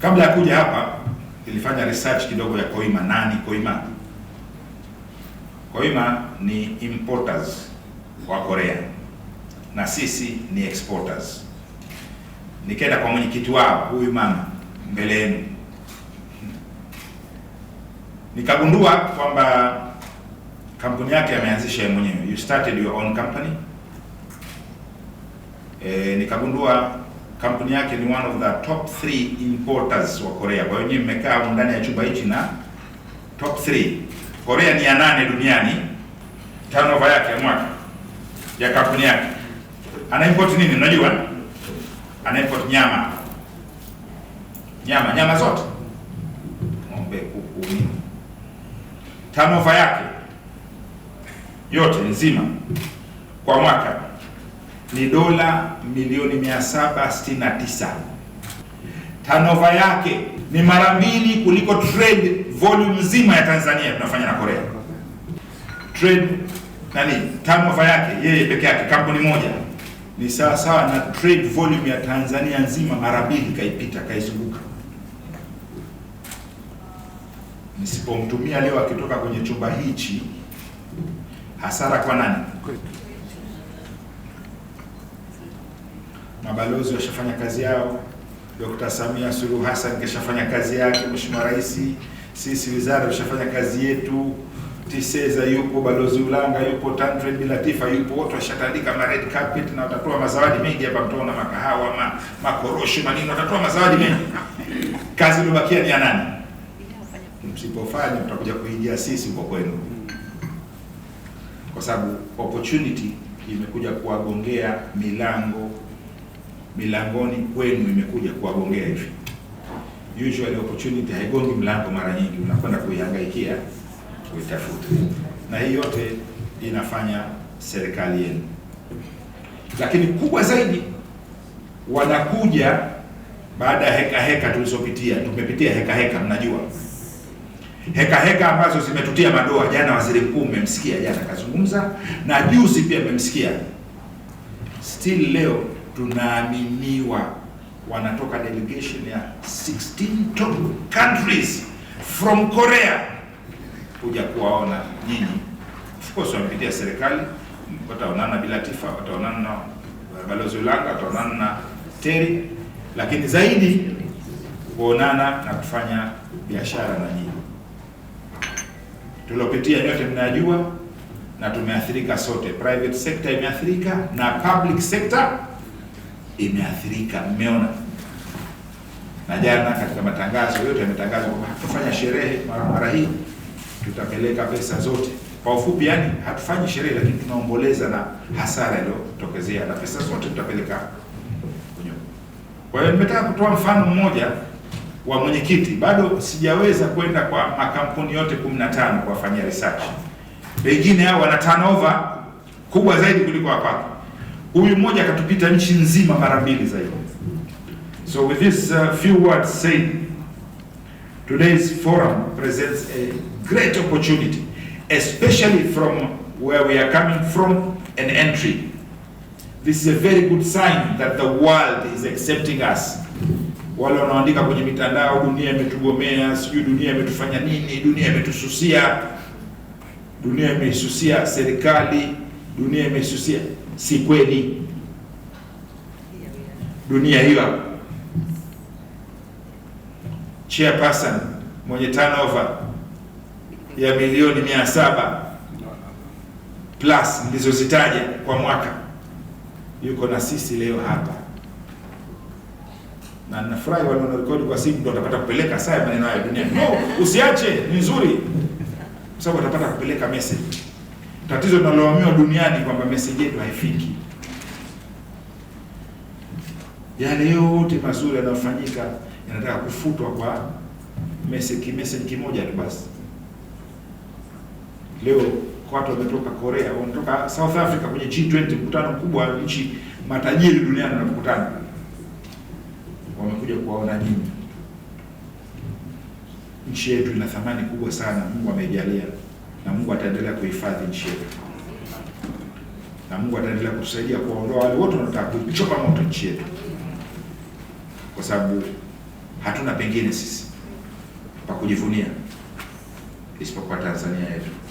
Kabla ya kuja hapa nilifanya research kidogo ya Koima. Nani Koima? Koima ni importers wa Korea na sisi ni exporters. Nikaenda kwa mwenyekiti wao huyu mama mbele yenu, nikagundua kwamba kampuni yake ameanzisha mwenyewe, you started your own company. E, nikagundua kampuni yake ni one of the top 3 importers wa Korea. Kwa hiyo nyinyi mmekaa hapo ndani ya chumba hichi na top 3. Korea ni ya nane duniani turnover yake ya mwaka ya kampuni yake. Ana import nini unajua? Ana import nyama. Nyama, nyama zote. Ng'ombe, kuku, nini. Turnover yake yote nzima kwa mwaka ni dola milioni 769. Tanova yake ni mara mbili kuliko trade volume nzima ya Tanzania tunafanya na Korea. Trade nani, tanova yake yeye peke yake kampuni moja ni sawa sawa na trade volume ya Tanzania nzima mara mbili kaipita, kaizunguka. Nisipomtumia leo akitoka kwenye chumba hichi, hasara kwa nani? mabalozi washafanya kazi yao. Dr. Samia Suluhu Hassan keshafanya kazi yake, Mheshimiwa Rais, sisi wizara tushafanya kazi yetu. Tiseza yupo, balozi Ulanga yupo, bila Latifa yupo, watu washatandika ma red carpet na watatoa mazawadi mengi hapa, mtaona makahawa ma makorosho manini, watatoa mazawadi mengi. Kazi iliyobakia ni ya nani? Msipofanya tutakuja kuingia sisi kwa kwenu, kwa sababu opportunity imekuja kuwagongea milango milangoni kwenu imekuja kuwagongea hivi. Usually opportunity haigongi mlango, mara nyingi unakwenda kuihangaikia kuitafuta, na hii yote inafanya serikali yenu. Lakini kubwa zaidi, wanakuja baada ya heka heka tulizopitia. Tumepitia heka heka, mnajua heka heka ambazo zimetutia madoa. Jana waziri mkuu mmemsikia, jana kazungumza, na juzi pia mmemsikia, still leo tunaaminiwa wanatoka delegation ya 16 top countries from Korea kuja kuwaona nyinyi. Of course wamepitia serikali, wataonana bila Tifa, wataonana na balozi Ulanga, wataonana na Teri, lakini zaidi kuonana na kufanya biashara na nyinyi. Tuliopitia nyote mnajua, na tumeathirika sote. Private sector imeathirika na public sector imeathirika, mmeona. Na jana katika matangazo yote yametangaza kwamba hatufanya sherehe mara mara hii, tutapeleka pesa zote. Kwa ufupi, yani hatufanyi sherehe, lakini tunaomboleza na hasara iliyotokezea na pesa zote tutapeleka kwenye. Kwa hiyo nimetaka kutoa mfano mmoja wa mwenyekiti. Bado sijaweza kwenda kwa makampuni yote 15 kuwafanyia research, pengine hao wana turnover kubwa zaidi kuliko hapa. Huyu mmoja akatupita nchi nzima mara mbili zaidi. So with this uh, few words saying, today's forum presents a great opportunity especially from where we are coming from an entry. This is a very good sign that the world is accepting us. Wale wanaandika kwenye mitandao, dunia imetugomea, sijui dunia imetufanya nini, dunia imetususia, dunia imeisusia serikali, dunia imeisusia si kweli. Dunia hiyo chairperson mwenye turnover ya milioni mia saba plus nilizozitaja kwa mwaka yuko na sisi leo hapa, na nafurahi wanaona rekodi kwa simu, ndo atapata kupeleka saa ya maneno hayo dunia. No, usiache, ni nzuri, kwa sababu atapata kupeleka message tatizo linaloamiwa duniani kwamba message yetu haifiki. Yale yote mazuri yanayofanyika yanataka kufutwa kwa message message kimoja tu basi. Leo watu wametoka Korea, wametoka South Africa kwenye G20, mkutano mkubwa wa nchi matajiri duniani wanakutana, wamekuja kuwaona nyinyi. Nchi yetu ina thamani kubwa sana, Mungu amejalia na Mungu ataendelea kuhifadhi nchi yetu, na Mungu ataendelea kutusaidia kuwaondoa wale wote wanataka kuichoma moto nchi yetu, kwa sababu hatuna pengine sisi pa kujivunia isipokuwa Tanzania yetu.